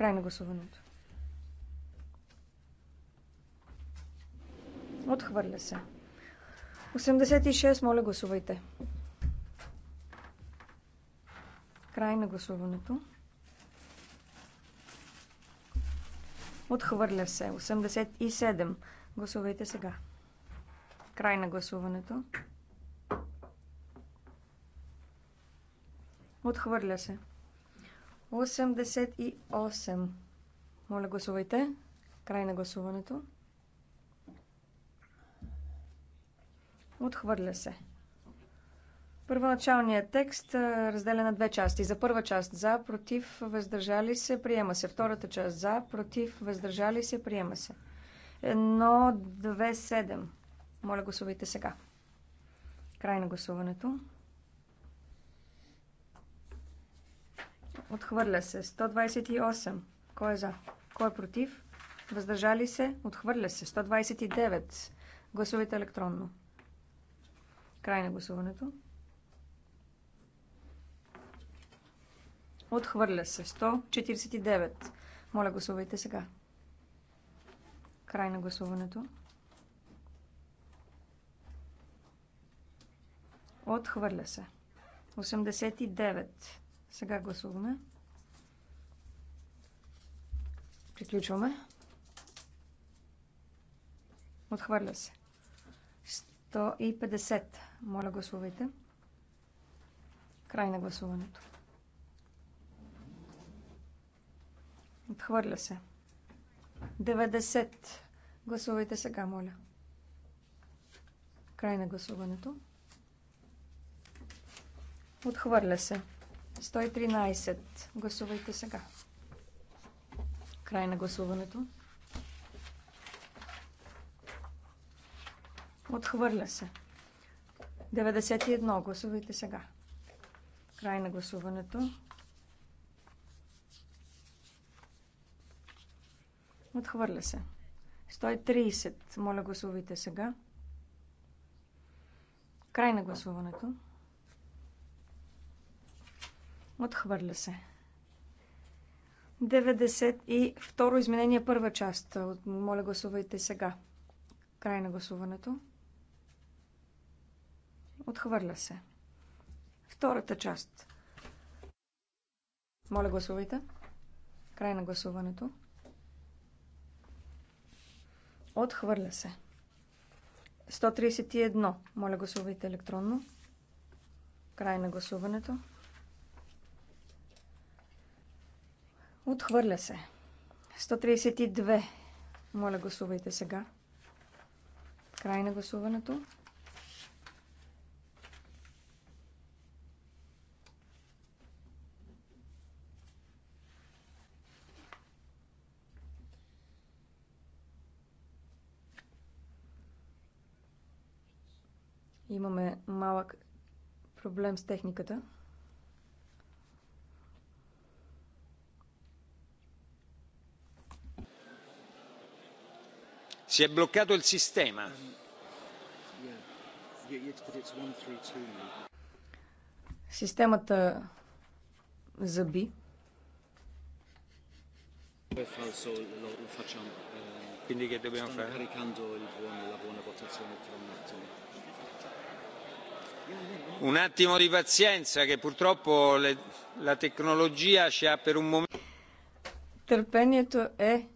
Край на гласуването. Отхвърля се. 86, моля гласувайте. Край на гласуването. Отхвърля се. 87. Гласувайте сега. Край на гласуването. Отхвърля се. 88. Моля, гласувайте. Край на гласуването. Отхвърля се. Първоначалният текст разделя на две части. За първа част за, против, въздържали се, приема се. Втората част за, против, въздържали се, приема се. Едно, две, седем. Моля, гласувайте сега. Край на гласуването. Отхвърля се. 128. Кой е за? Кой е против? Въздържали се? Отхвърля се. 129. Гласувайте електронно. Край на гласуването. Отхвърля се. 149. Моля, гласувайте сега. Край на гласуването. Отхвърля се. 89. Сега гласуваме. Приключваме. Отхвърля се. 150. Моля, гласувайте. Край на гласуването. Отхвърля се. 90. Гласувайте сега, моля. Край на гласуването. Отхвърля се. 113. Гласувайте сега. Край на гласуването. Отхвърля се. 91. Гласувайте сега. Край на гласуването. Отхвърля се. 130. Моля гласувайте сега. Край на гласуването. Отхвърля се. 92 изменение, първа част. Моля, гласувайте сега. Край на гласуването. Отхвърля се. Втората част. Моля, гласувайте. Край на гласуването. Отхвърля се. 131. Моля, гласувайте електронно. Край на гласуването. Отхвърля се. 132. Моля, гласувайте сега. Край на гласуването. Имаме малък проблем с техниката. si è bloccato il sistema. Системата заби. Quindi che dobbiamo fare? Sto caricando il buon, la buona votazione tra un attimo. Un attimo di pazienza che purtroppo le, la tecnologia ci ha per un momento. Търпението е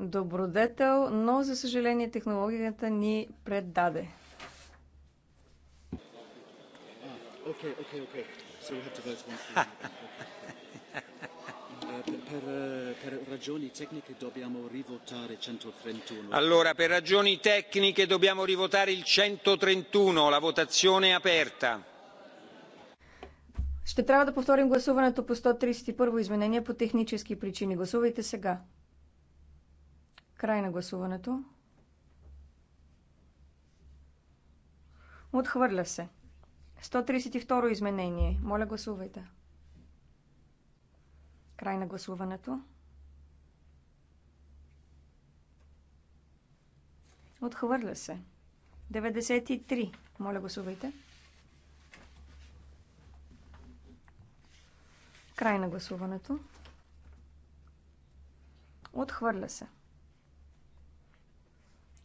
добродетел, но за съжаление технологията ни предаде. Okay, Allora, per ragioni tecniche dobbiamo rivotare il 131. La votazione è aperta. Ще трябва да повторим гласуването по 131 изменения по технически причини. Гласувайте сега. Край на гласуването. Отхвърля се. 132 изменение. Моля гласувайте. Край на гласуването. Отхвърля се. 93. Моля гласувайте. Край на гласуването. Отхвърля се. 94.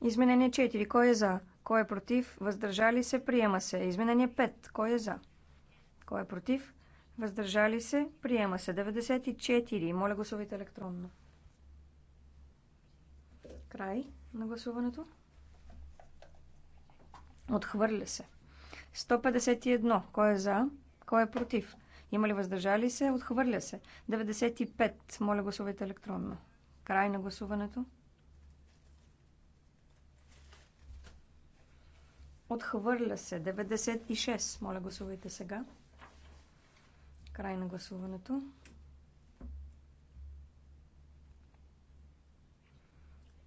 Изменение 4. Кой е за? Кой е против? Въздържали се? Приема се. Изменение 5. Кой е за? Кой е против? Въздържали се? Приема се. 94. Моля гласувайте електронно. Край на гласуването. Отхвърля се. 151. Кой е за? Кой е против? Има ли въздържали се? Отхвърля се. 95. Моля гласувайте електронно. Край на гласуването. Отхвърля се. 96. Моля, гласувайте сега. Край на гласуването.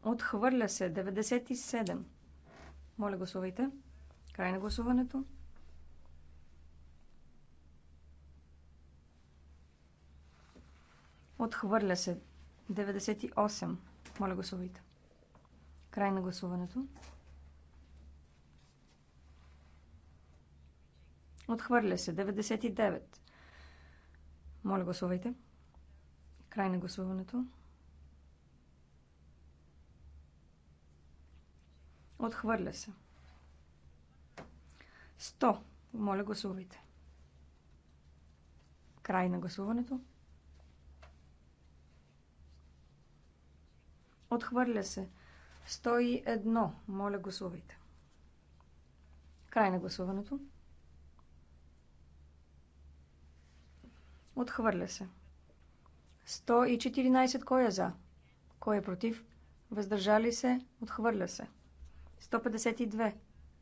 Отхвърля се. 97. Моля, гласувайте. Край на гласуването. Отхвърля се. 98. Моля, гласувайте. Край на гласуването. Отхвърля се. 99. Моля, гласувайте. Край на гласуването. Отхвърля се. 100. Моля, гласувайте. Край на гласуването. Отхвърля се. 101. Моля, гласувайте. Край на гласуването. Отхвърля се. 114. Кой е за? Кой е против? Въздържали се? Отхвърля се. 152.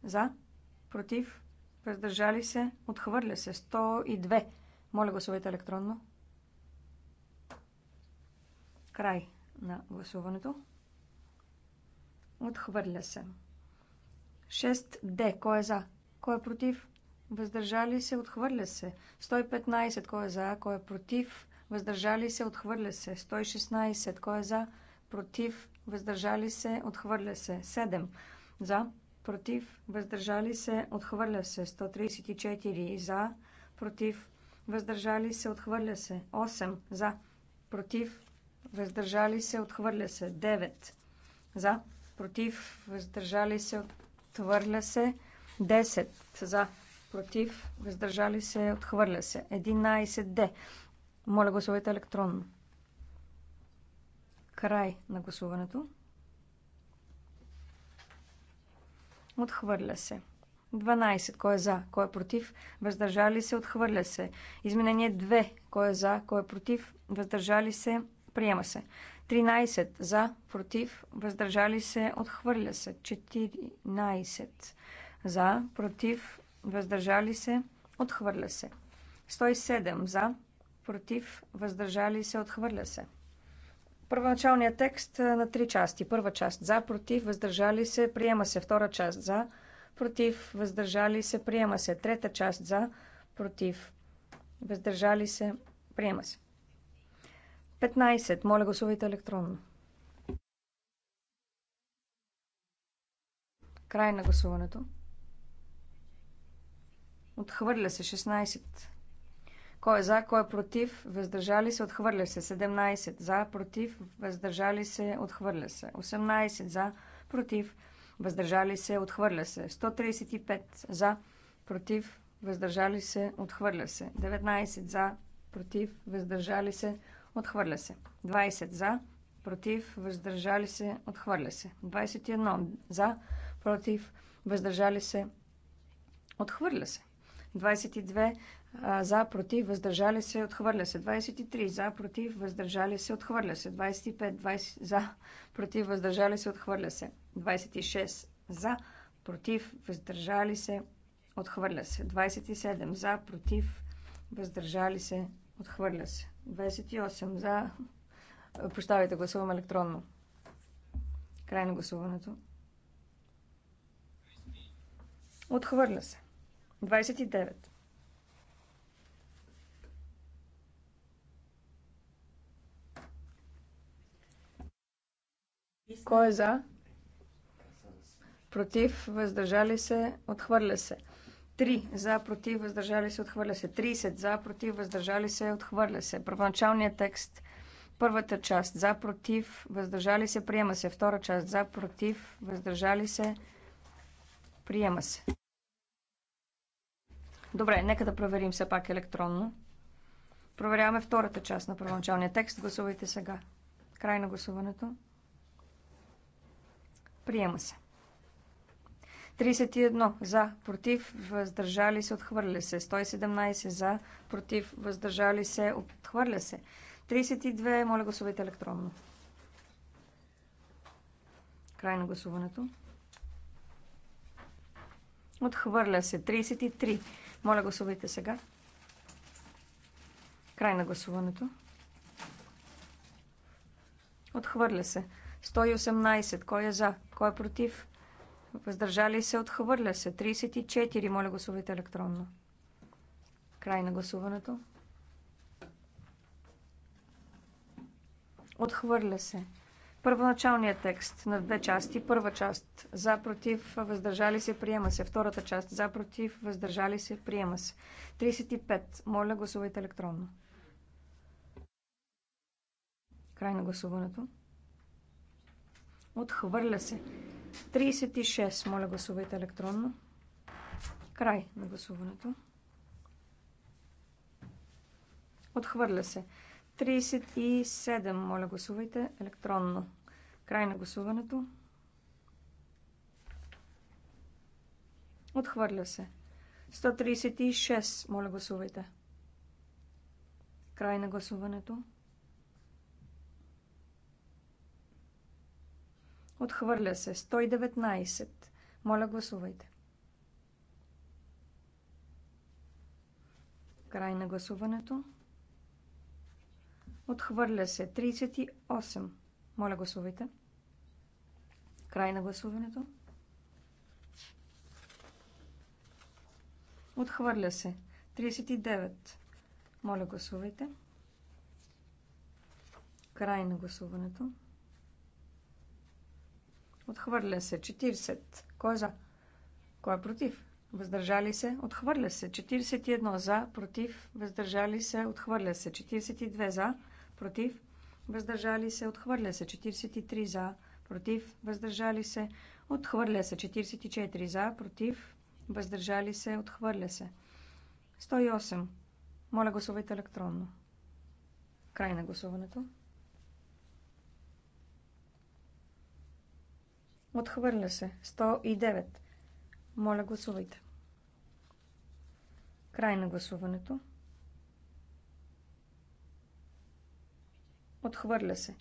За? Против? Въздържали се? Отхвърля се. 102. Моля гласувайте електронно. Край на гласуването. Отхвърля се. 6D. Кой е за? Кой е против? въздържали се, отхвърля се. 115, кой е за, кой е против, въздържали се, отхвърля се. 116, кой е за, против, въздържали се, отхвърля се. 7, за, против, въздържали се, отхвърля се. 134, за, против, въздържали се, отхвърля се. 8, за, против, въздържали се, отхвърля се. 9, за, против, въздържали се, отхвърля се. 10, за, против, въздържали се, отхвърля се. 11D. Моля гласувайте електронно. Край на гласуването. Отхвърля се. 12. Кой е за? Кой е против? Въздържали се? Отхвърля се. Изменение 2. Кой е за? Кой е против? Въздържали се? Приема се. 13. За? Против? Въздържали се? Отхвърля се. 14. За? Против? въздържали се, отхвърля се. 107 за, против, въздържали се, отхвърля се. Първоначалният текст на три части. Първа част за, против, въздържали се, приема се. Втора част за, против, въздържали се, приема се. Трета част за, против, въздържали се, приема се. 15. Моля гласувайте електронно. Край на гласуването. Отхвърля се 16. Кой е за, кой е против, въздържали се, отхвърля се. 17. За, против, въздържали се, отхвърля се. 18. За, против, въздържали се, отхвърля се. 135. За, против, въздържали се, отхвърля се. 19. За, против, въздържали се, отхвърля се. 20. За, против, въздържали се, отхвърля се. 21. За, против, въздържали се, отхвърля се. 22 за, против, въздържали се, отхвърля се. 23 за, против, въздържали се, отхвърля се. 25 20, за, против, въздържали се, отхвърля се. 26 за, против, въздържали се, отхвърля се. 27 за, против, въздържали се, отхвърля се. 28 за, прощавайте, гласувам електронно. Край на гласуването. Отхвърля се. 29. Кой е за? Против, въздържали се, отхвърля се. 3 за, против, въздържали се, отхвърля се. 30 за, против, въздържали се, отхвърля се. Първоначалният текст, първата част, за, против, въздържали се, приема се. Втора част, за, против, въздържали се, приема се. Добре, нека да проверим все пак електронно. Проверяваме втората част на първоначалния текст. Гласувайте сега. Край на гласуването. Приема се. 31 за, против, въздържали се, отхвърля се. 117 за, против, въздържали се, отхвърля се. 32, моля гласувайте електронно. Край на гласуването. Отхвърля се. 33 моля, гласувайте сега. Край на гласуването. Отхвърля се. 118. Кой е за? Кой е против? Въздържали се? Отхвърля се. 34. Моля, гласувайте електронно. Край на гласуването. Отхвърля се. Първоначалният текст на две части. Първа част за против, въздържали се, приема се. Втората част за против, въздържали се, приема се. 35. Моля, гласувайте електронно. Край на гласуването. Отхвърля се. 36. Моля, гласувайте електронно. Край на гласуването. Отхвърля се. 37. Моля, гласувайте електронно. Край на гласуването. Отхвърля се. 136. Моля, гласувайте. Край на гласуването. Отхвърля се. 119. Моля, гласувайте. Край на гласуването. Отхвърля се. 38. Моля, гласувайте. Край на гласуването. Отхвърля се. 39. Моля, гласувайте. Край на гласуването. Отхвърля се. 40. Кой е за? Кой е против? Въздържали се? Отхвърля се. 41 за, против, въздържали се, отхвърля се. 42 за, против, въздържали се, отхвърля се 43 за, против, въздържали се, отхвърля се 44 за, против, въздържали се, отхвърля се. 108. Моля гласувайте електронно. Край на гласуването. Отхвърля се. 109. Моля гласувайте. Край на гласуването. Отхвърля се.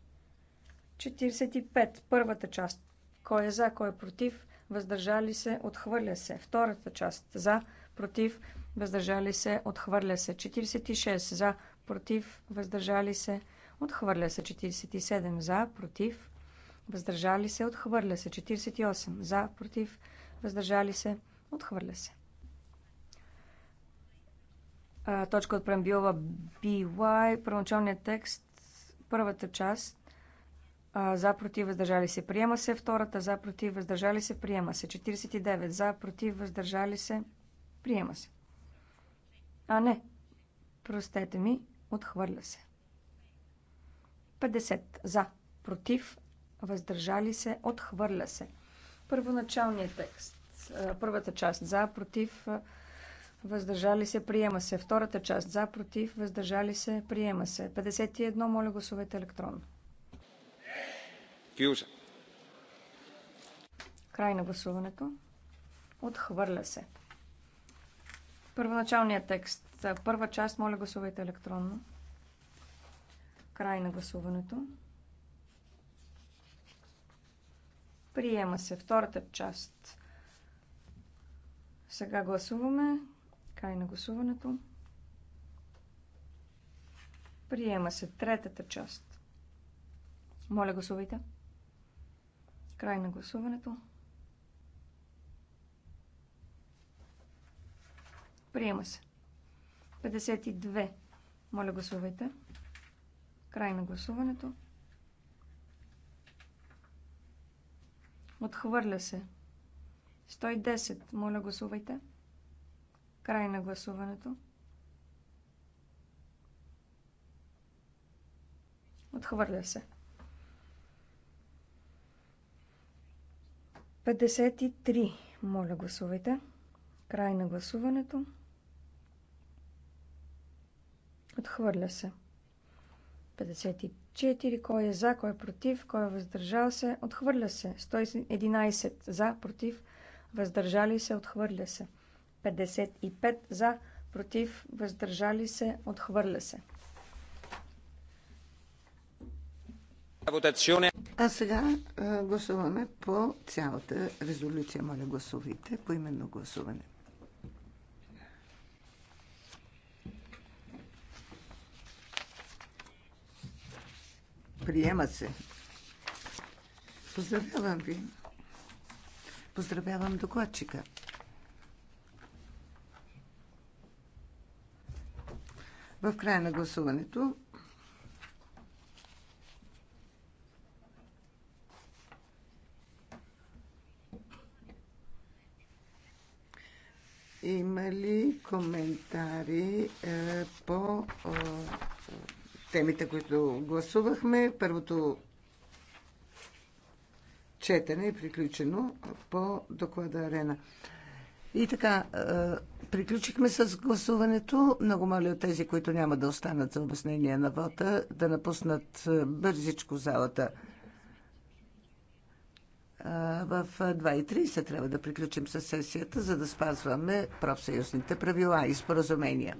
45. Първата част. Кой е за, кой е против? Въздържали се, отхвърля се. Втората част. За, против, въздържали се, отхвърля се. 46. За, против, въздържали се, отхвърля се. 47. За, против, въздържали се, отхвърля се. 48. За, против, въздържали се, отхвърля се. А, точка от преамбюла BY, първоначалният текст Първата част за, против, въздържали се, приема се. Втората за, против, въздържали се, приема се. 49 за, против, въздържали се, приема се. А не, простете ми, отхвърля се. 50 за, против, въздържали се, отхвърля се. Първоначалният текст, първата част за, против, въздържали се въздържали се, приема се. Втората част за, против, въздържали се, приема се. 51, моля гласувайте електронно. Кюза. Край на гласуването. Отхвърля се. Първоначалният текст. Първа част, моля гласувайте електронно. Край на гласуването. Приема се втората част. Сега гласуваме Край на гласуването. Приема се третата част. Моля, гласувайте. Край на гласуването. Приема се. 52. Моля, гласувайте. Край на гласуването. Отхвърля се. 110. Моля, гласувайте. Край на гласуването. Отхвърля се. 53. Моля, гласувайте. Край на гласуването. Отхвърля се. 54. Кой е за, кой е против, кой е въздържал се? Отхвърля се. 111. За, против, въздържали се, отхвърля се. 55 за, против, въздържали се, отхвърля се. А сега гласуваме по цялата резолюция. Моля, гласувайте по именно гласуване. Приема се. Поздравявам ви. Поздравявам докладчика. В края на гласуването Има ли коментари е, по е, темите, които гласувахме? Първото четене е приключено по доклада Арена. И така, е, Приключихме с гласуването. Много моля от тези, които няма да останат за обяснение на вота, да напуснат е, бързичко залата. В 2.30 трябва да приключим с сесията, за да спазваме профсъюзните правила и споразумения.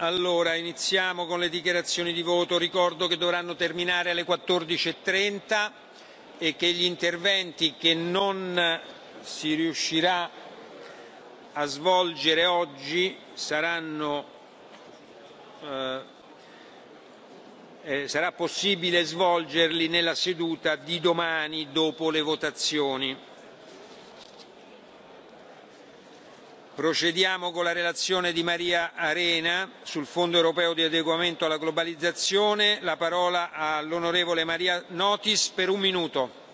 allora iniziamo con le dichiarazioni di voto ricordo che dovranno terminare alle quattordici trenta e che gli interventi che non si riuscirà a svolgere oggi saranno sarà possibile svolgerli nella seduta di domani dopo le votazioni. procediamo con la relazione di maria arena sul fondo europeo di adeguamento alla globalizzazione la parola all'onorevole maria notis per un minuto.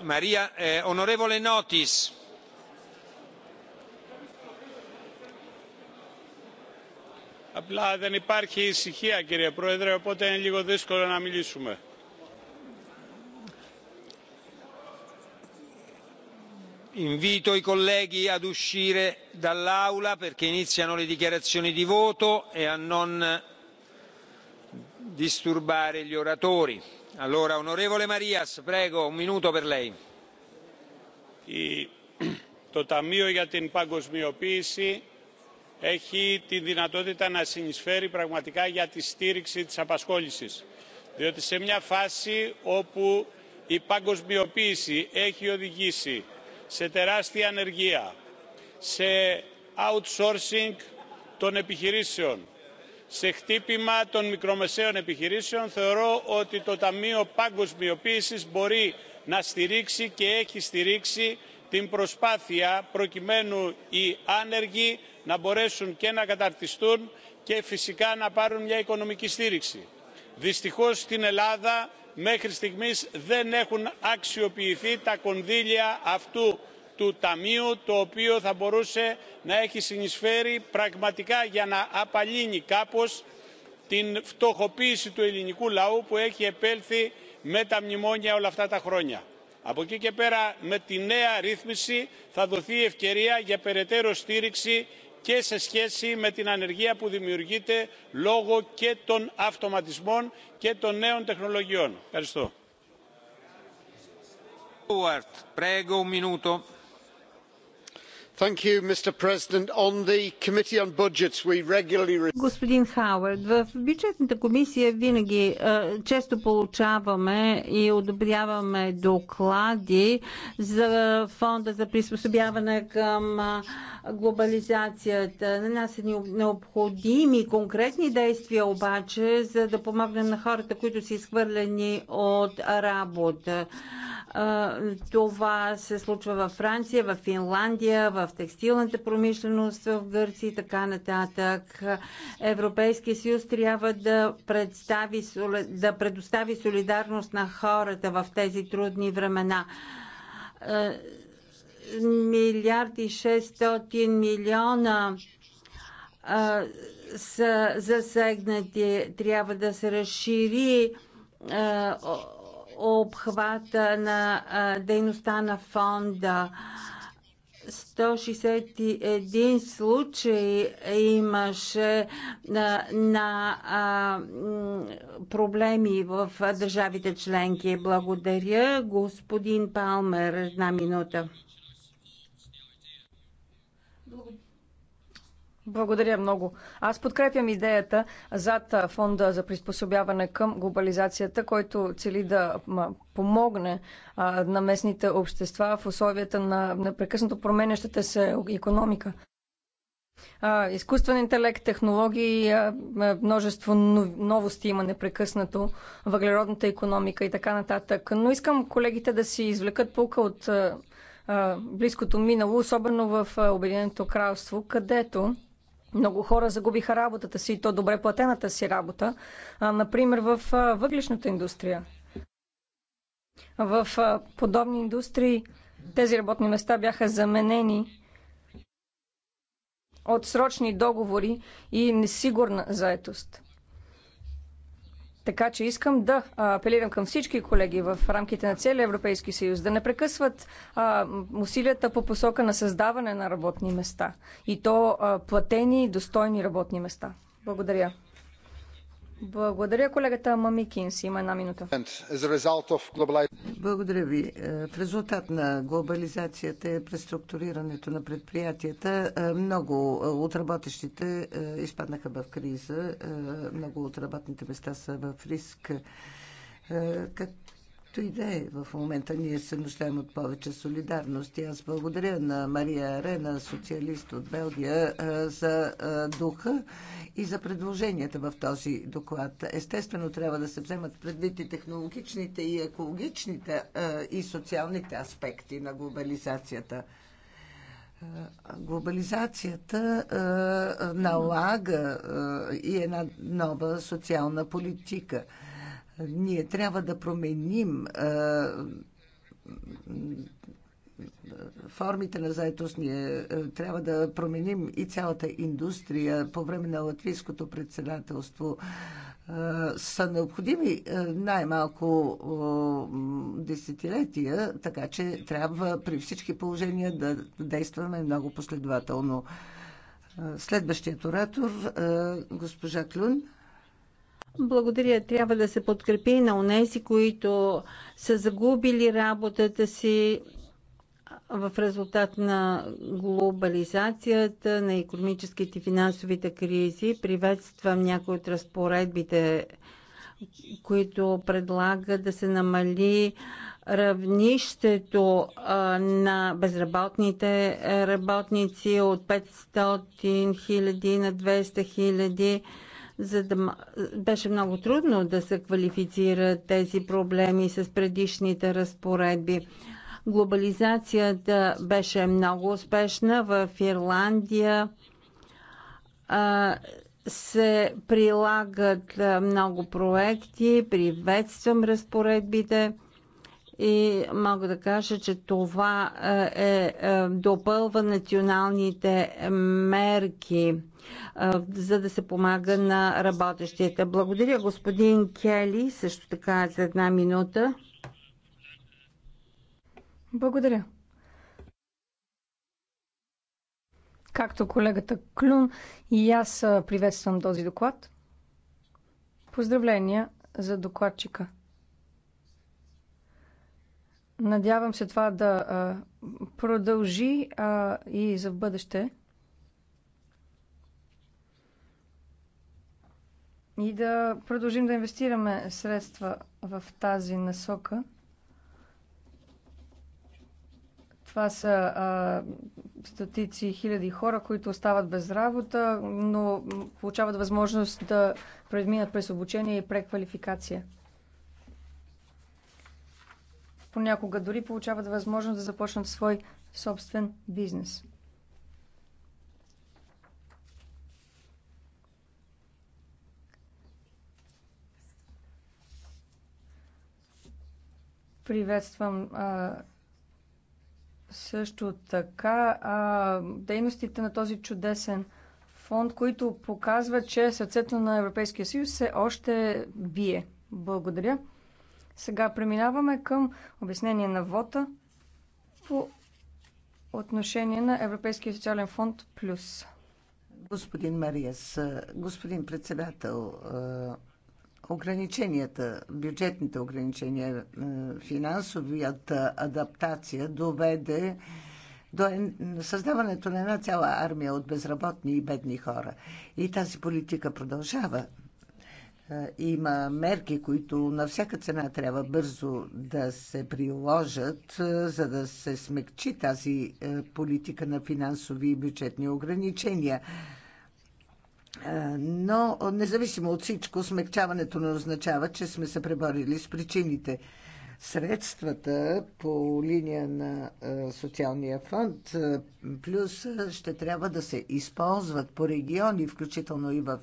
Maria, onorevole Notis. Απλά δεν υπάρχει ησυχία, κύριε Πρόεδρε, οπότε είναι λίγο δύσκολο να μιλήσουμε. invito i colleghi ad uscire dall'aula perché iniziano le dichiarazioni di voto e a non disturbare gli oratori. onorevole marias prego un minuto per lei. το ταμείο για την παγκοσμιοποίηση έχει τη δυνατότητα να συνεισφέρει πραγματικά για τη στήριξη της απασχόλησης διότι σε μια φάση όπου η παγκοσμιοποίηση έχει οδηγήσει σε τεράστια ανεργία σε outsourcing των επιχειρήσεων σε χτύπημα των μικρομεσαίων επιχειρήσεων θεωρώ ότι το ταμείο παγκοσμιοποίησης μπορεί να στηρίξει και έχει στηρίξει την προσπάθεια προκειμένου οι άνεργοι να μπορέσουν και να καταρτιστούν και φυσικά να πάρουν μια οικονομική στήριξη. δυστυχώς στην ελλάδα μέχρι στιγμής δεν έχουν αξιοποιηθεί τα κονδύλια αυτού του ταμείου το οποίο θα μπορούσε να έχει συνεισφέρει πραγματικά για να απαλύνει κάπως την φτωχοποίηση του ελληνικού λαού που έχει επέλθει με τα μνημόνια όλα αυτά τα χρόνια. Από εκεί και πέρα με τη νέα ρύθμιση θα δοθεί ευκαιρία για περαιτέρω στήριξη και σε σχέση με την ανεργία που δημιουργείται λόγω και των αυτοματισμών και των νέων τεχνολογιών. ευχαριστώ mr president on the committee on budgets we regularly. господин Хауърд, в бюджетната комисия винаги е, често получаваме и одобряваме доклади за фонда за приспособяване към е, глобализацията. На нас са е необходими конкретни действия обаче, за да помогнем на хората, които са изхвърлени от работа. Това се случва във Франция, в Финландия, в текстилната промишленост в Гърция и така нататък. Европейския съюз трябва да, представи, да предостави солидарност на хората в тези трудни времена милиард и 600 милиона са засегнати. Трябва да се разшири обхвата на дейността на фонда. 161 случаи имаше на, на а, проблеми в държавите членки. Благодаря. Господин Палмер, една минута. Благодаря много. Аз подкрепям идеята зад фонда за приспособяване към глобализацията, който цели да помогне на местните общества в условията на непрекъснато променящата се економика. Изкуствен интелект, технологии, множество новости има непрекъснато, въглеродната економика и така нататък. Но искам колегите да си извлекат полка от близкото минало, особено в Обединеното кралство, където много хора загубиха работата си и то добре платената си работа, а например в въглишната индустрия. В подобни индустрии тези работни места бяха заменени от срочни договори и несигурна заетост. Така че искам да апелирам към всички колеги в рамките на целия Европейски съюз да не прекъсват а, усилията по посока на създаване на работни места и то а, платени и достойни работни места. Благодаря. Благодаря колегата Мамикинс. Има една минута. Благодаря ви. В резултат на глобализацията и преструктурирането на предприятията, е, много от работещите е, изпаднаха в криза. Е, много от работните места са в риск. Как Както и да е, в момента ние се нуждаем от повече солидарност. И аз благодаря на Мария Арена, социалист от Белгия, за духа и за предложенията в този доклад. Естествено, трябва да се вземат предвид и технологичните, и екологичните, и социалните аспекти на глобализацията. Глобализацията налага и една нова социална политика – ние трябва да променим формите на заетост. Ние трябва да променим и цялата индустрия по време на латвийското председателство. Са необходими най-малко десетилетия, така че трябва при всички положения да действаме много последователно. Следващият оратор, госпожа Клюн. Благодаря. Трябва да се подкрепи на унези, които са загубили работата си в резултат на глобализацията, на економическите и финансовите кризи. Приветствам някои от разпоредбите, които предлага да се намали равнището на безработните работници от 500 000 на 200 000 за да, беше много трудно да се квалифицират тези проблеми с предишните разпоредби. Глобализацията беше много успешна в Ирландия. А, се прилагат много проекти. Приветствам разпоредбите и мога да кажа, че това е, е, е допълва националните мерки, е, за да се помага на работещите. Благодаря господин Кели, също така за една минута. Благодаря. Както колегата Клюн и аз приветствам този доклад. Поздравления за докладчика. Надявам се това да продължи а, и за в бъдеще. И да продължим да инвестираме средства в тази насока. Това са а, стотици хиляди хора, които остават без работа, но получават възможност да предминат през обучение и преквалификация понякога дори получават възможност да започнат свой собствен бизнес. Приветствам а, също така а, дейностите на този чудесен фонд, които показват, че сърцето на Европейския съюз се още бие. Благодаря. Сега преминаваме към обяснение на вота по отношение на Европейския социален фонд Плюс. Господин Мариас, господин председател, ограниченията, бюджетните ограничения, финансовията адаптация доведе до създаването на една цяла армия от безработни и бедни хора. И тази политика продължава. Е, има мерки, които на всяка цена трябва бързо да се приложат, е, за да се смекчи тази е, политика на финансови и бюджетни ограничения. Но, независимо от всичко, смекчаването не означава, че сме се преборили с причините средствата по линия на социалния фонд, плюс ще трябва да се използват по региони, включително и в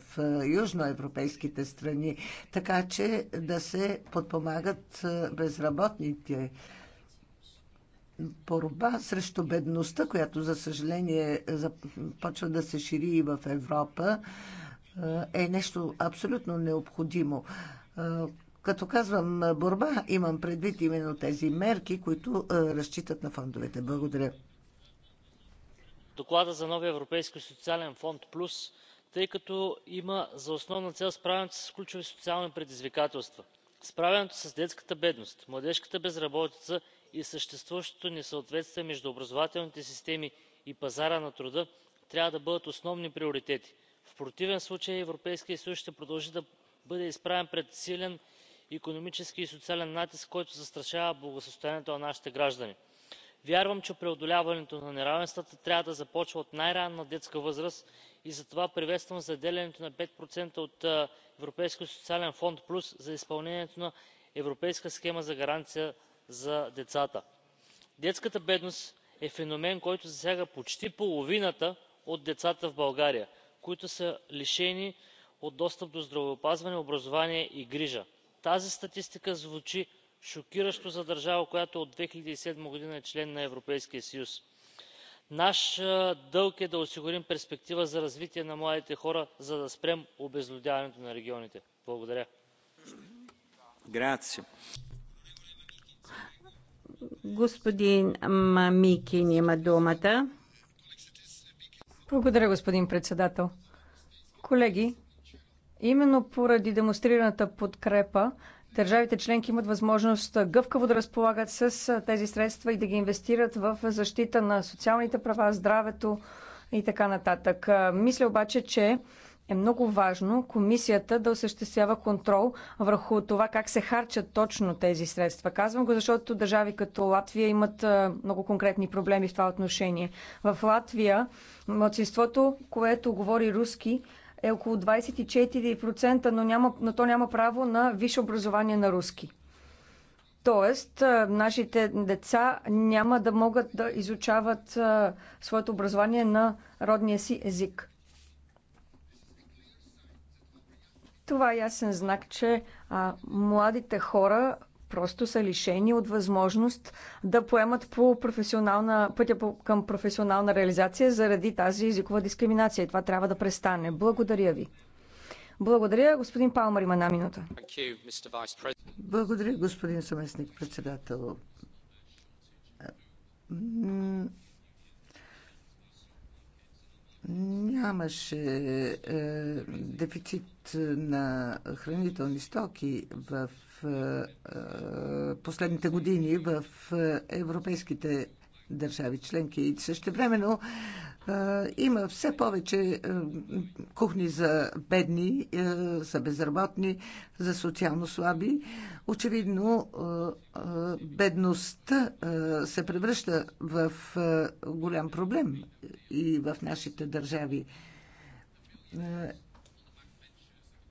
южноевропейските страни, така че да се подпомагат безработните борба срещу бедността, която за съжаление почва да се шири и в Европа, е нещо абсолютно необходимо. Като казвам борба, имам предвид именно тези мерки, които разчитат на фондовете. Благодаря. Доклада за новия Европейски социален фонд Плюс, тъй като има за основна цел справянето с ключови социални предизвикателства справянето с детската бедност младежката безработица и съществуващото несъответствие между образователните системи и пазара на труда трябва да бъдат основни приоритети. в противен случай Европейския съюз ще продължи да бъде изправен пред силен икономически и социален натиск който застрашава благосъстоянието на нашите граждани. вярвам че преодоляването на неравенствата трябва да започва от най ранна детска възраст и затова приветствам заделянето на пет от европейския социален фонд плюс за изпълнението на Европейска схема за гаранция за децата. детската бедност е феномен който засяга почти половината от децата в България, които са лишени от достъп до здравеопазване образование и грижа тази статистика звучи шокиращо за държава която от 2007 г. е член на европейския съюз. наш дълг е да осигурим перспектива за развитие на младите хора за да спрем обезлюдяването на регионите. благодаря. Господин Благодаря, господин председател. Колеги, Именно поради демонстрираната подкрепа, държавите членки имат възможност гъвкаво да разполагат с тези средства и да ги инвестират в защита на социалните права, здравето и така нататък. Мисля обаче, че е много важно комисията да осъществява контрол върху това как се харчат точно тези средства. Казвам го, защото държави като Латвия имат много конкретни проблеми в това отношение. В Латвия младсинството, което говори руски, е около 24%, но, няма, но то няма право на висше образование на руски. Тоест, нашите деца няма да могат да изучават своето образование на родния си език. Това е ясен знак, че а, младите хора просто са лишени от възможност да поемат по професионална, пътя по, към професионална реализация заради тази езикова дискриминация. И това трябва да престане. Благодаря ви. Благодаря. Господин Палмар има една минута. Благодаря, господин съместник председател. Нямаше е, дефицит на хранителни стоки в е, е, последните години в е, европейските държави членки. И също времено има все повече кухни за бедни, за безработни, за социално слаби. Очевидно, бедността се превръща в голям проблем и в нашите държави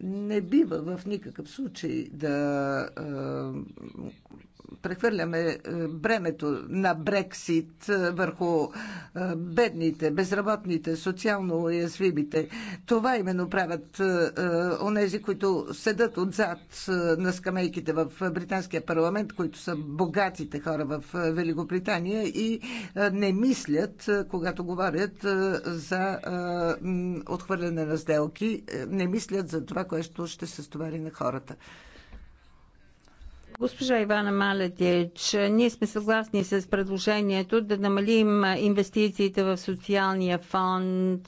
не бива в никакъв случай да прехвърляме е, бремето на Брексит е, върху е, бедните, безработните, социално уязвимите. Това именно правят онези, които седат отзад на скамейките в Британския парламент, които са богатите хора в Великобритания и не мислят, когато говорят за отхвърляне на сделки, не мислят за това, което ще се стовари на хората. Госпожа Ивана Малетич, ние сме съгласни с предложението да намалим инвестициите в социалния фонд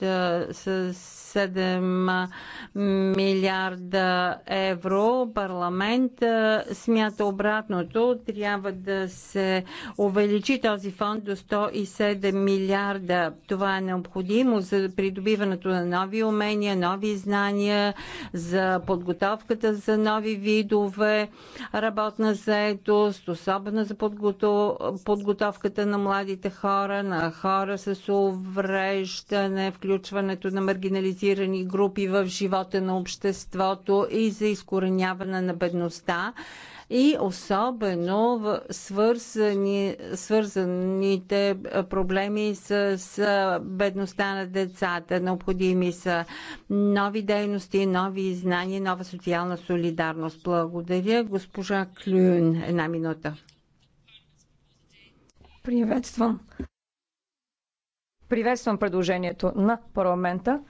с 7 милиарда евро. Парламент смята обратното. Трябва да се увеличи този фонд до 107 милиарда. Това е необходимо за придобиването на нови умения, нови знания, за подготовката за нови видове работна заетост, особено за подготовката на младите хора, на хора с увреждане, включването на маргинализация маргинализирани групи в живота на обществото и за изкореняване на бедността и особено в свързани, свързаните проблеми с, с бедността на децата. Необходими са нови дейности, нови знания, нова социална солидарност. Благодаря. Госпожа Клюн, една минута. Приветствам. Приветствам предложението на парламента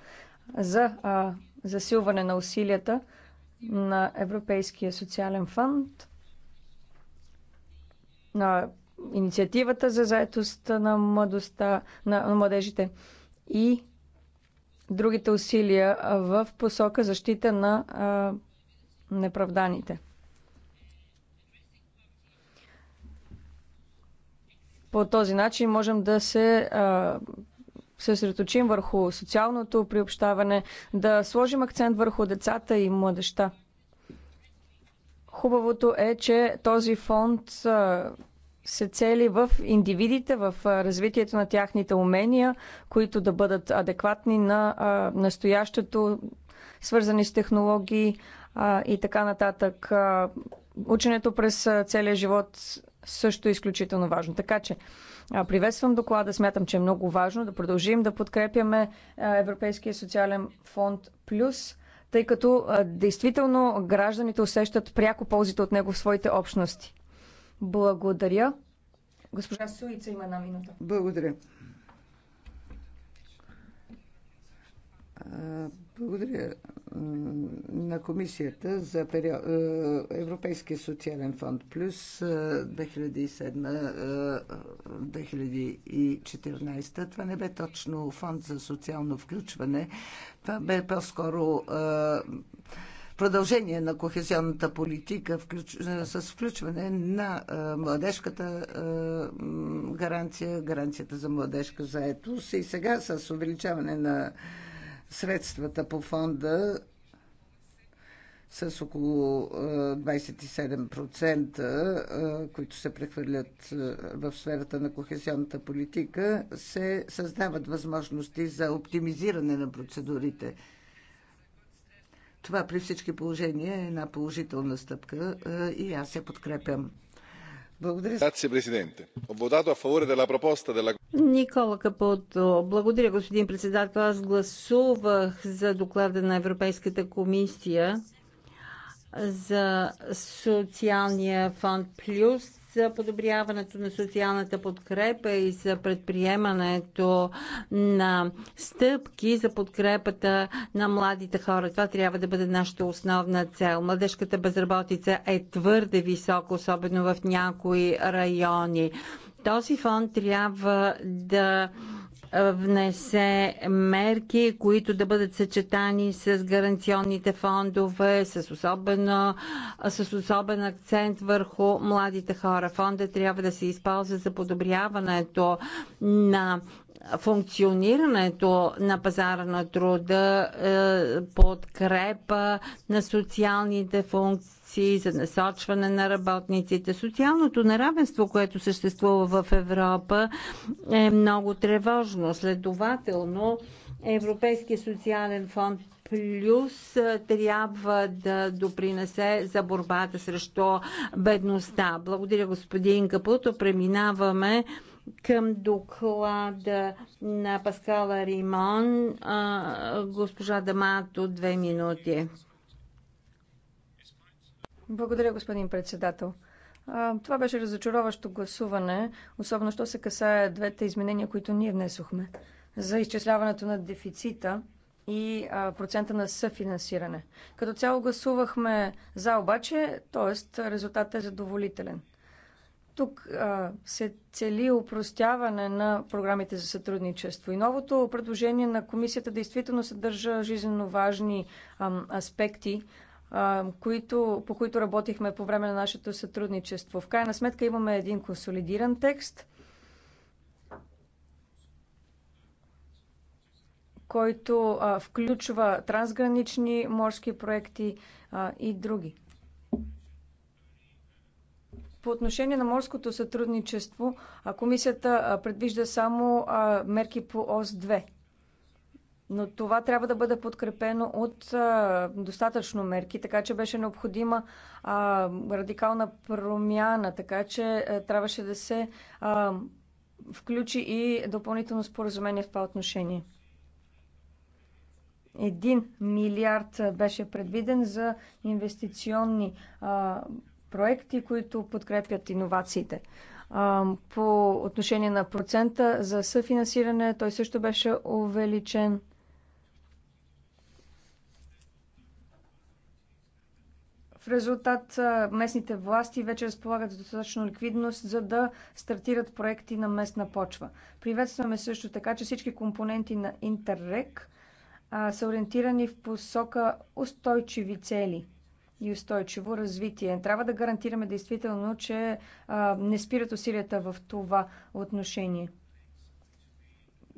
за а, засилване на усилията на Европейския социален фонд, на инициативата за заетостта на младостта, на, на младежите и другите усилия в посока защита на а, неправданите. По този начин можем да се а, се съсредоточим върху социалното приобщаване, да сложим акцент върху децата и младеща. Хубавото е, че този фонд се цели в индивидите, в развитието на тяхните умения, които да бъдат адекватни на настоящето, свързани с технологии и така нататък. Ученето през целия живот също е изключително важно. Така че Приветствам доклада. Смятам, че е много важно да продължим да подкрепяме Европейския социален фонд Плюс, тъй като действително гражданите усещат пряко ползите от него в своите общности. Благодаря. Госпожа Суица има една минута. Благодаря. Благодаря на комисията за период, е, Европейския социален фонд плюс 2007-2014. Е, е, Това не бе точно фонд за социално включване. Това бе по-скоро продължение на кохезионната политика включ... с включване на младежката гаранция, гаранцията за младежка заетост и сега с увеличаване на средствата по фонда с около 27%, които се прехвърлят в сферата на кохезионната политика, се създават възможности за оптимизиране на процедурите. Това при всички положения е една положителна стъпка и аз я подкрепям. Благодаря. Никола Капото. Благодаря, господин председател. Аз гласувах за доклада на Европейската комисия за социалния фонд Плюс за подобряването на социалната подкрепа и за предприемането на стъпки за подкрепата на младите хора. Това трябва да бъде нашата основна цел. Младежката безработица е твърде висока, особено в някои райони. Този фонд трябва да внесе мерки, които да бъдат съчетани с гаранционните фондове, с, особено, с особен акцент върху младите хора. Фонда трябва да се използва за подобряването на функционирането на пазара на труда, подкрепа на социалните функции инвестиции, за насочване на работниците. Социалното неравенство, което съществува в Европа, е много тревожно. Следователно, Европейския социален фонд плюс трябва да допринесе за борбата срещу бедността. Благодаря, господин Капуто. Преминаваме към доклада на Паскала Римон, госпожа Дамато, две минути. Благодаря, господин председател. Това беше разочароващо гласуване, особено що се касае двете изменения, които ние внесохме за изчисляването на дефицита и процента на съфинансиране. Като цяло гласувахме за обаче, т.е. резултатът е задоволителен. Тук се цели упростяване на програмите за сътрудничество. И новото предложение на комисията действително съдържа жизненно важни аспекти, които, по които работихме по време на нашето сътрудничество. В крайна сметка имаме един консолидиран текст, който а, включва трансгранични морски проекти а, и други. По отношение на морското сътрудничество, комисията предвижда само мерки по ОС 2 но това трябва да бъде подкрепено от а, достатъчно мерки, така че беше необходима а, радикална промяна, така че а, трябваше да се а, включи и допълнително споразумение в това отношение. Един милиард беше предвиден за инвестиционни а, проекти, които подкрепят иновациите. По отношение на процента за съфинансиране, той също беше увеличен В резултат местните власти вече разполагат с достатъчно ликвидност, за да стартират проекти на местна почва. Приветстваме също така, че всички компоненти на Интеррек са ориентирани в посока устойчиви цели и устойчиво развитие. Трябва да гарантираме действително, че а, не спират усилията в това отношение.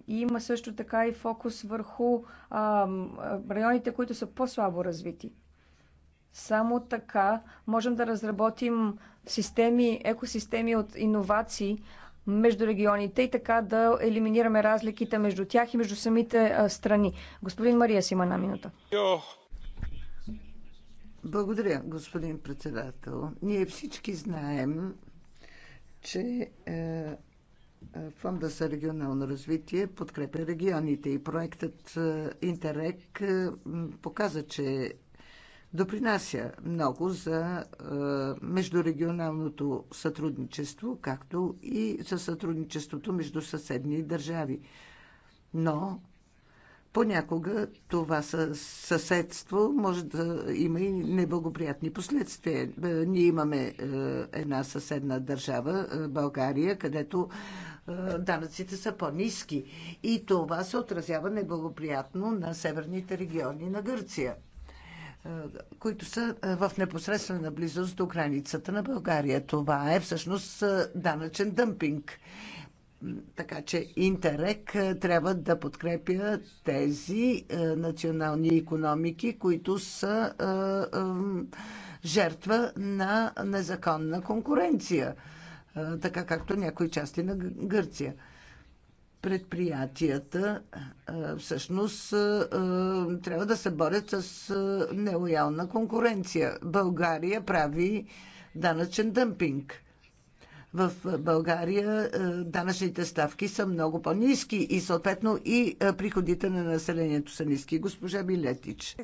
И има също така и фокус върху а, районите, които са по-слабо развити. Само така можем да разработим системи, екосистеми от иновации между регионите и така да елиминираме разликите между тях и между самите страни. Господин Мария си има една минута. Благодаря, господин председател. Ние всички знаем, че е, е, Фонда за регионално развитие подкрепя регионите и проектът е, Интерек е, показа, че допринася много за е, междурегионалното сътрудничество, както и за сътрудничеството между съседни държави. Но понякога това съседство може да има и неблагоприятни последствия. Е, ние имаме е, една съседна държава, България, където данъците са по-низки. И това се отразява неблагоприятно на северните региони на Гърция. Е, които са е, в непосредствена близост до границата на България. Това е всъщност е, данъчен дъмпинг. Така че Интерек трябва да подкрепя тези национални економики, които са жертва на незаконна конкуренция, така както някои части на Гърция предприятията всъщност трябва да се борят с нелоялна конкуренция. България прави данъчен дъмпинг в България е, данъчните ставки са много по-низки и съответно и е, приходите на населението са ниски. Госпожа Билетич.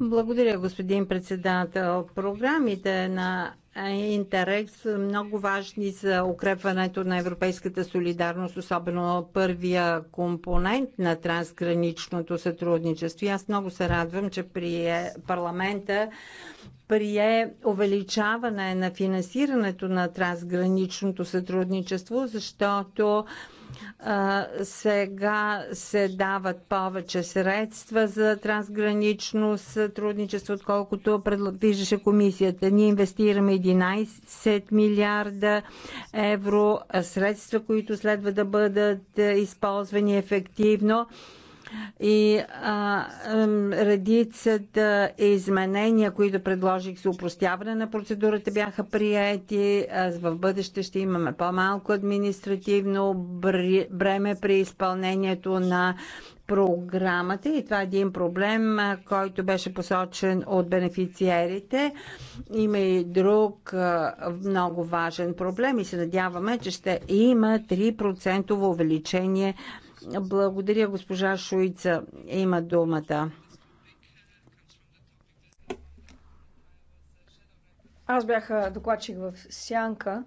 Благодаря, господин председател. Програмите на Интерек са много важни за укрепването на европейската солидарност, особено първия компонент на трансграничното сътрудничество. И аз много се радвам, че при парламента прие увеличаване на финансирането на трансграничното сътрудничество, защото а, сега се дават повече средства за трансгранично сътрудничество, отколкото предвиждаше комисията. Ние инвестираме 11 милиарда евро, средства, които следва да бъдат използвани ефективно и а, редицата изменения, които предложих за упростяване на процедурата бяха приети. Аз в бъдеще ще имаме по-малко административно бреме при изпълнението на програмата и това е един проблем, който беше посочен от бенефициерите. Има и друг много важен проблем и се надяваме, че ще има 3% увеличение благодаря, госпожа Шуица. Има думата. Аз бях докладчик в Сянка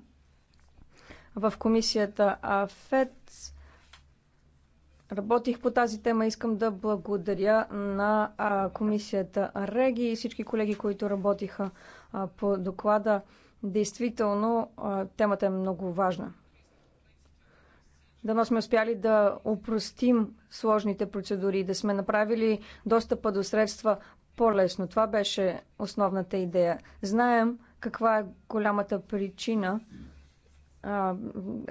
в комисията АФЕД. Работих по тази тема. Искам да благодаря на комисията Реги и всички колеги, които работиха по доклада. Действително, темата е много важна. Дано сме успяли да опростим сложните процедури, да сме направили достъпа до средства по-лесно. Това беше основната идея. Знаем каква е голямата причина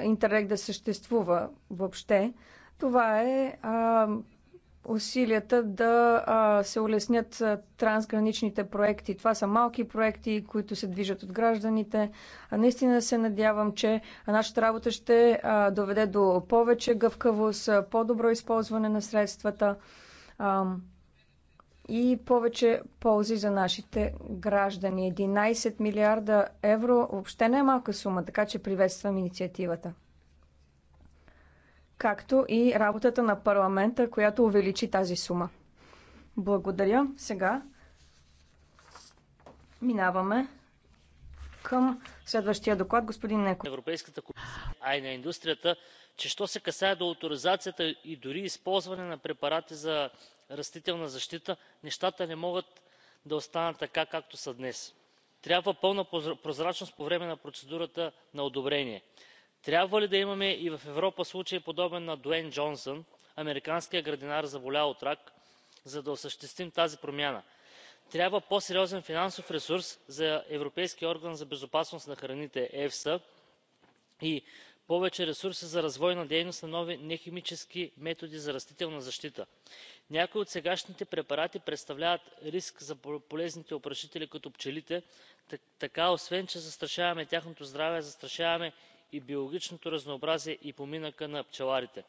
интернет да съществува въобще. Това е а, усилията да а, се улеснят трансграничните проекти. Това са малки проекти, които се движат от гражданите. А наистина се надявам, че нашата работа ще а, доведе до повече гъвкавост, по-добро използване на средствата а, и повече ползи за нашите граждани. 11 милиарда евро въобще не е малка сума, така че приветствам инициативата както и работата на парламента, която увеличи тази сума. Благодаря. Сега минаваме към следващия доклад, господин Неко. Европейската комисия, а и на индустрията, че що се касае до авторизацията и дори използване на препарати за растителна защита, нещата не могат да останат така, както са днес. Трябва пълна прозрачност по време на процедурата на одобрение трябва ли да имаме и в европа случай подобен на дуейн джонсън американският градинар заболял от рак за да осъществим тази промяна? трябва по сериозен финансов ресурс за европейския орган за безопасност на храните efsa и повече ресурси за развойна дейност на нови нехимически методи за растителна защита. някои от сегашните препарати представляват риск за полезните опрашители като пчелите така освен че застрашаваме тяхното здраве застрашаваме и биологичното разнообразие и поминъка на пчеларите.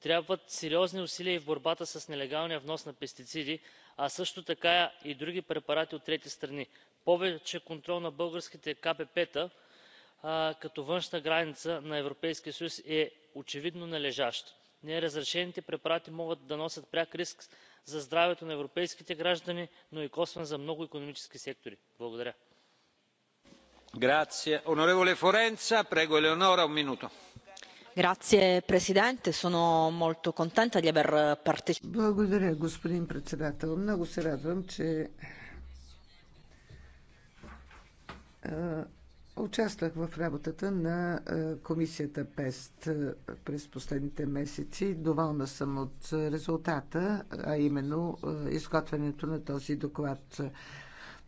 трябват сериозни усилия и в борбата с нелегалния внос на пестициди а също така и други препарати от трети страни повече контрол на българските кпп та като външна граница на европейския съюз е очевидно належащ. неразрешените препарати могат да носят пряк риск за здравето на европейските граждани но и косвен за много икономически сектори. благодаря signor presidente onorevoli colleghi sono molto contenta di aver partecipato. благодаря господин председател. много се радвам че участвах в работата на комисията пест през последните месеци. доволна съм от резултата а именно изготвянето на този доклад.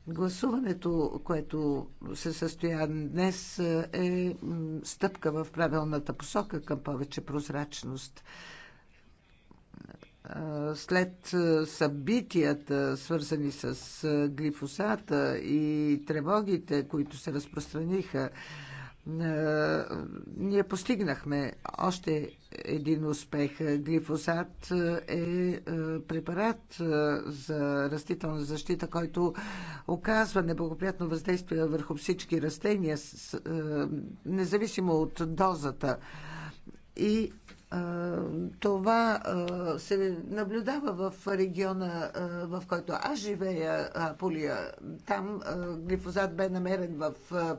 Гласуването, което се състоя днес, е стъпка в правилната посока към повече прозрачност. След събитията, свързани с глифосата и тревогите, които се разпространиха е, ние постигнахме още един успех. Глифосат е, е препарат е, за растителна защита, който оказва неблагоприятно въздействие върху всички растения, независимо от дозата. И това се наблюдава в региона, в който аз живея, Полия. Там глифозат бе намерен в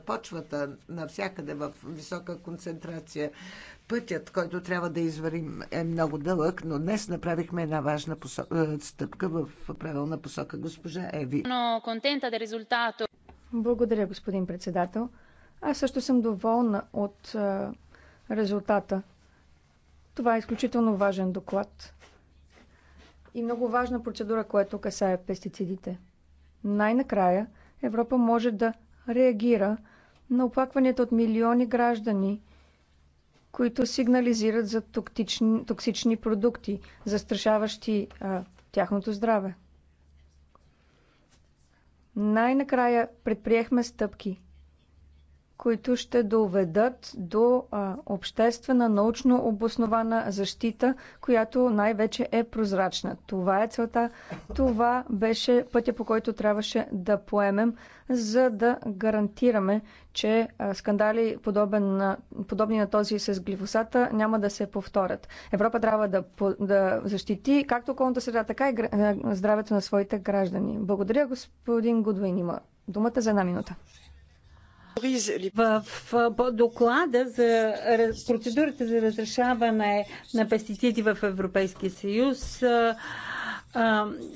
почвата, навсякъде в висока концентрация. Пътят, който трябва да изварим, е много дълъг, но днес направихме една важна стъпка в правилна посока, госпожа Еви. Но контента да резултато. Благодаря, господин председател. Аз също съм доволна от резултата това е изключително важен доклад и много важна процедура, която касае пестицидите. Най-накрая Европа може да реагира на оплакванията от милиони граждани, които сигнализират за токсични, токсични продукти, застрашаващи а, тяхното здраве. Най-накрая предприехме стъпки които ще доведат до а, обществена, научно обоснована защита, която най-вече е прозрачна. Това е целта. Това беше пътя, по който трябваше да поемем, за да гарантираме, че а, скандали подобен на, подобни на този с глифосата няма да се повторят. Европа трябва да, да защити както околната среда, така и здравето на своите граждани. Благодаря, господин Гудвин. Има думата за една минута. В доклада за процедурата за разрешаване на пестициди в Европейския съюз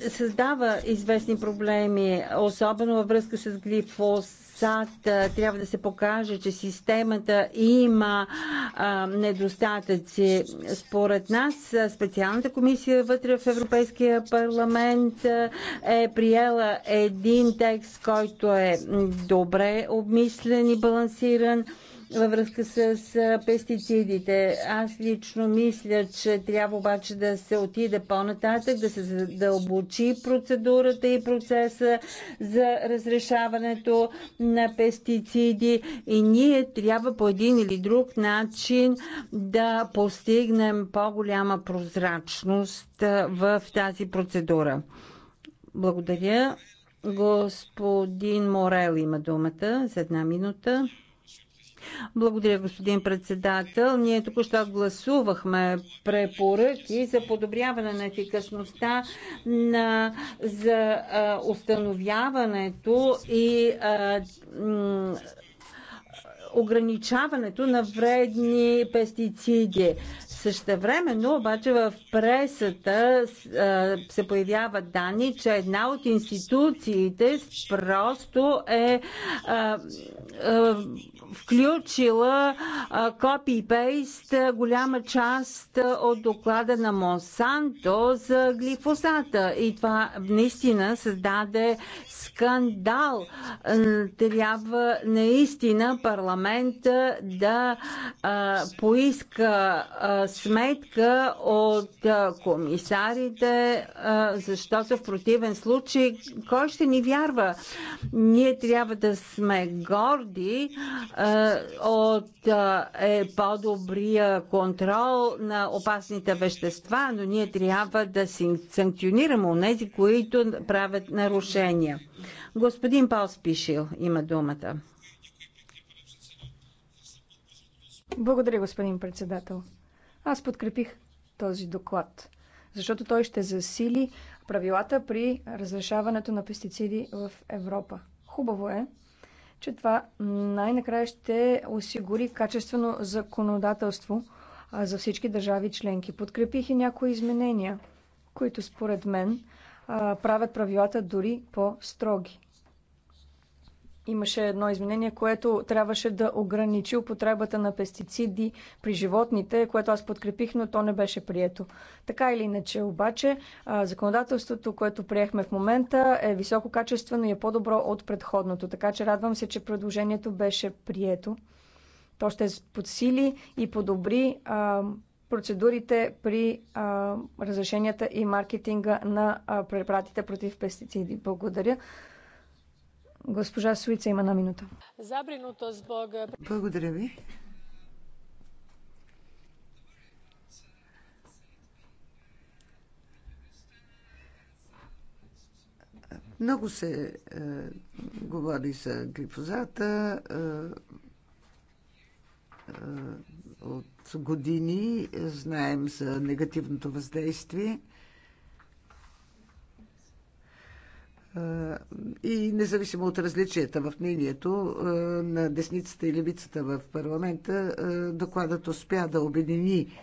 създава известни проблеми, особено във връзка с глифос децата, трябва да се покаже, че системата има а, недостатъци. Според нас специалната комисия вътре в Европейския парламент е приела един текст, който е добре обмислен и балансиран във връзка с пестицидите. Аз лично мисля, че трябва обаче да се отиде по-нататък, да се задълбочи процедурата и процеса за разрешаването на пестициди и ние трябва по един или друг начин да постигнем по-голяма прозрачност в тази процедура. Благодаря. Господин Морел има думата за една минута. Благодаря, господин председател. Ние току-що гласувахме препоръки за подобряване на ефикасността на, за а, установяването и а, ограничаването на вредни пестициди. Същевременно обаче в пресата се появяват данни, че една от институциите просто е включила копи-пейст голяма част от доклада на Монсанто за глифосата. И това наистина създаде скандал. Трябва наистина парламента да а, поиска а, сметка от а, комисарите, а, защото в противен случай кой ще ни вярва? Ние трябва да сме горди е, от е, е по-добрия контрол на опасните вещества, но ние трябва да санкционираме онези, които правят нарушения. Господин Пал Спишил има думата. Благодаря, господин председател. Аз подкрепих този доклад, защото той ще засили правилата при разрешаването на пестициди в Европа. Хубаво е, че това най-накрая ще осигури качествено законодателство за всички държави членки. Подкрепих и някои изменения, които според мен правят правилата дори по-строги имаше едно изменение, което трябваше да ограничи употребата на пестициди при животните, което аз подкрепих, но то не беше прието. Така или иначе, обаче, законодателството, което приехме в момента, е високо качествено и е по-добро от предходното. Така че радвам се, че предложението беше прието. То ще подсили и подобри а, процедурите при а, разрешенията и маркетинга на а, препратите против пестициди. Благодаря. Госпожа Суица има на минута. Благодаря ви. Много се е, говори за глифозата е, е, от години. Знаем за негативното въздействие. Е, Е, и независимо от различията в мнението е, на десницата и левицата в парламента, е, докладът успя да обедини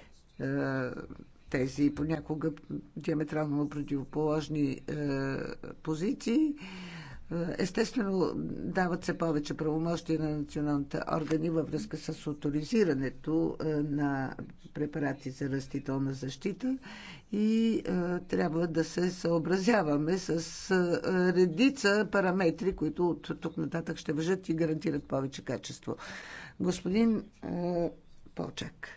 тези понякога диаметрално противоположни позиции Естествено, дават се повече правомощия на националните органи във връзка с авторизирането е, на препарати за растителна защита и е, трябва да се съобразяваме с е, редица параметри, които от тук нататък ще въжат и гарантират повече качество. Господин Полчак.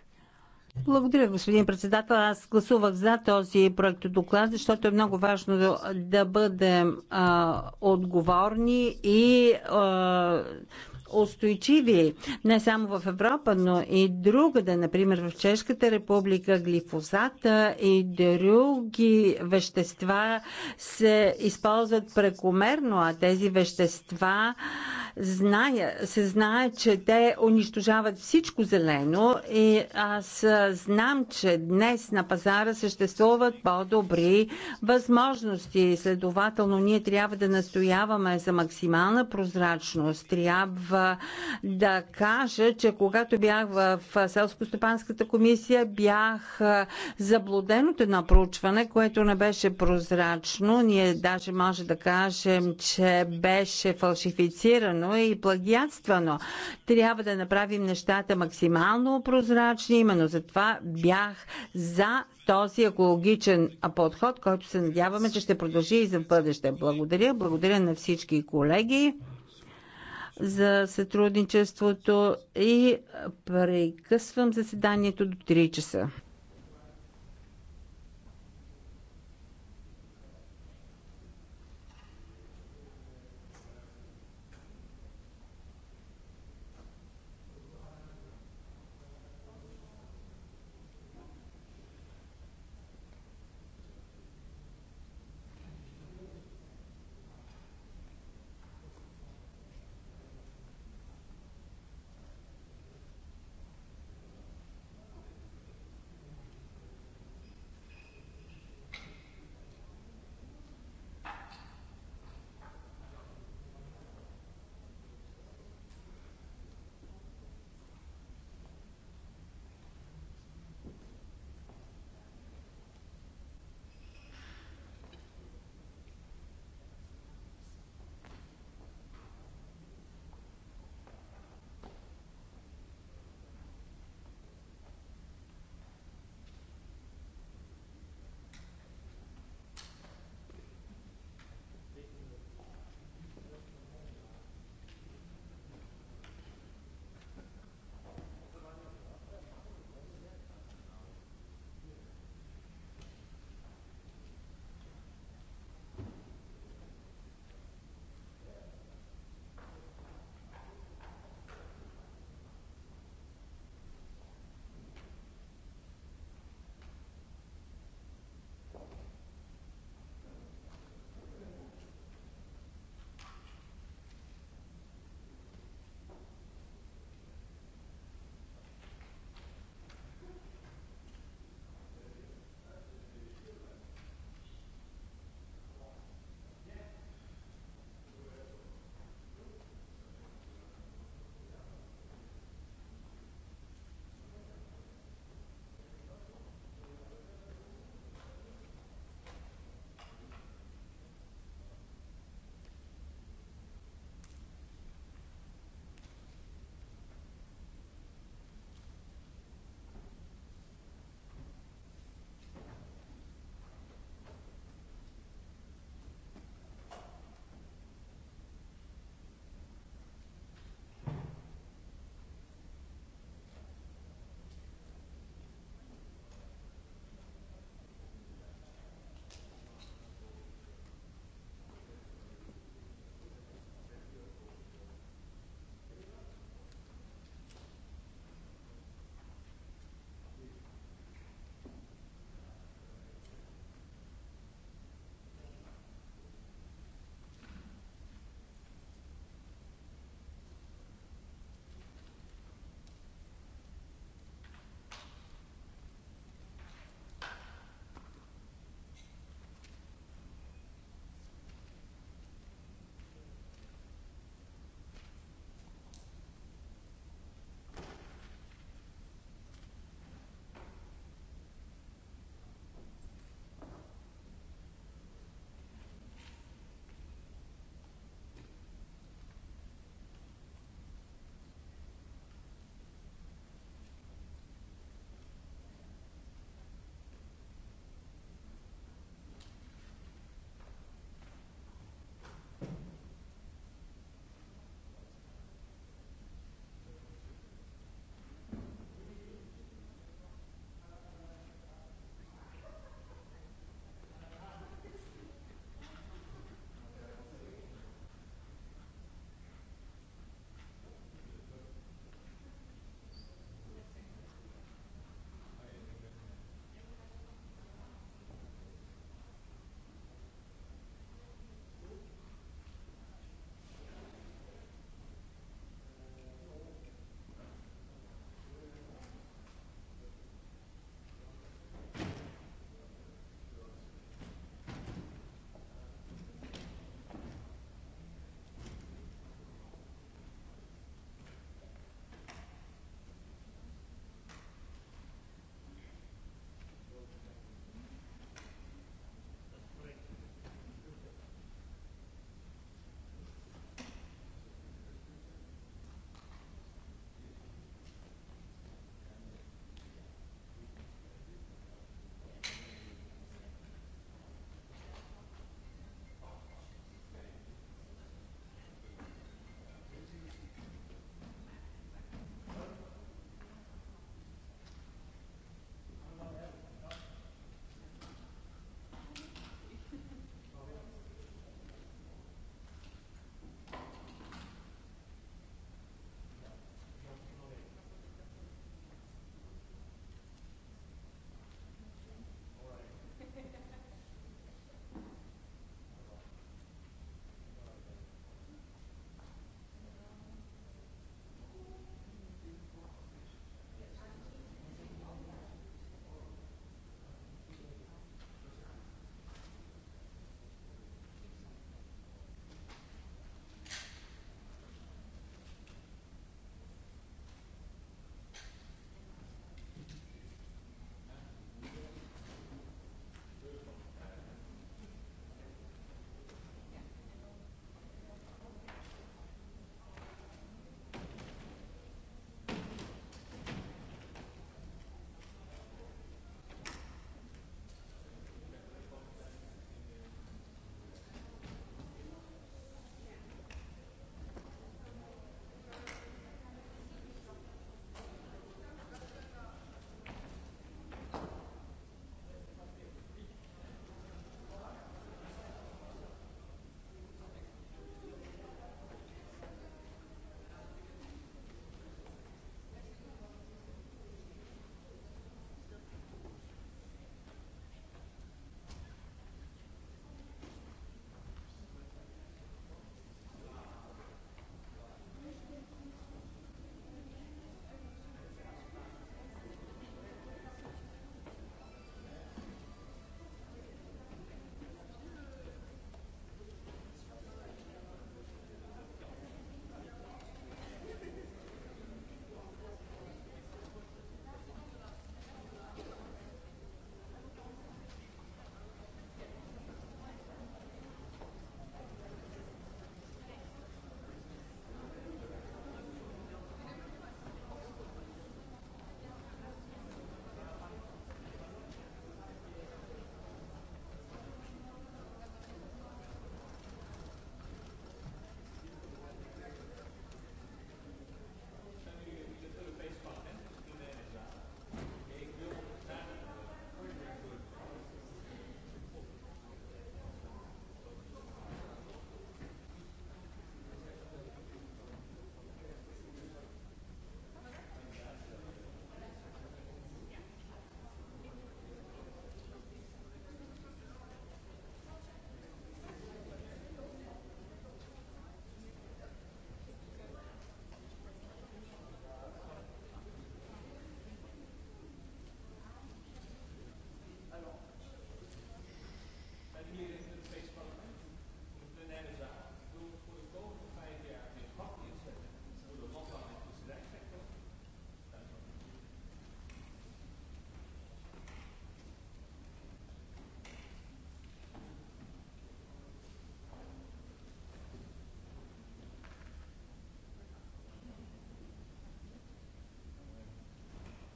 Благодаря, господин председател. Аз гласувах за този проект доклад, защото е много важно да, да бъдем а, отговорни и а, устойчиви не само в Европа, но и другаде, например в Чешката република глифозата и други вещества се използват прекомерно, а тези вещества зная, се знае, че те унищожават всичко зелено и аз знам, че днес на пазара съществуват по-добри възможности. Следователно, ние трябва да настояваме за максимална прозрачност, трябва трябва да кажа, че когато бях в Селско-стопанската комисия, бях заблуден от едно проучване, което не беше прозрачно. Ние даже може да кажем, че беше фалшифицирано и плагиатствано. Трябва да направим нещата максимално прозрачни. Именно затова бях за този екологичен подход, който се надяваме, че ще продължи и за бъдеще. Благодаря. Благодаря на всички колеги за сътрудничеството и прекъсвам заседанието до 3 часа.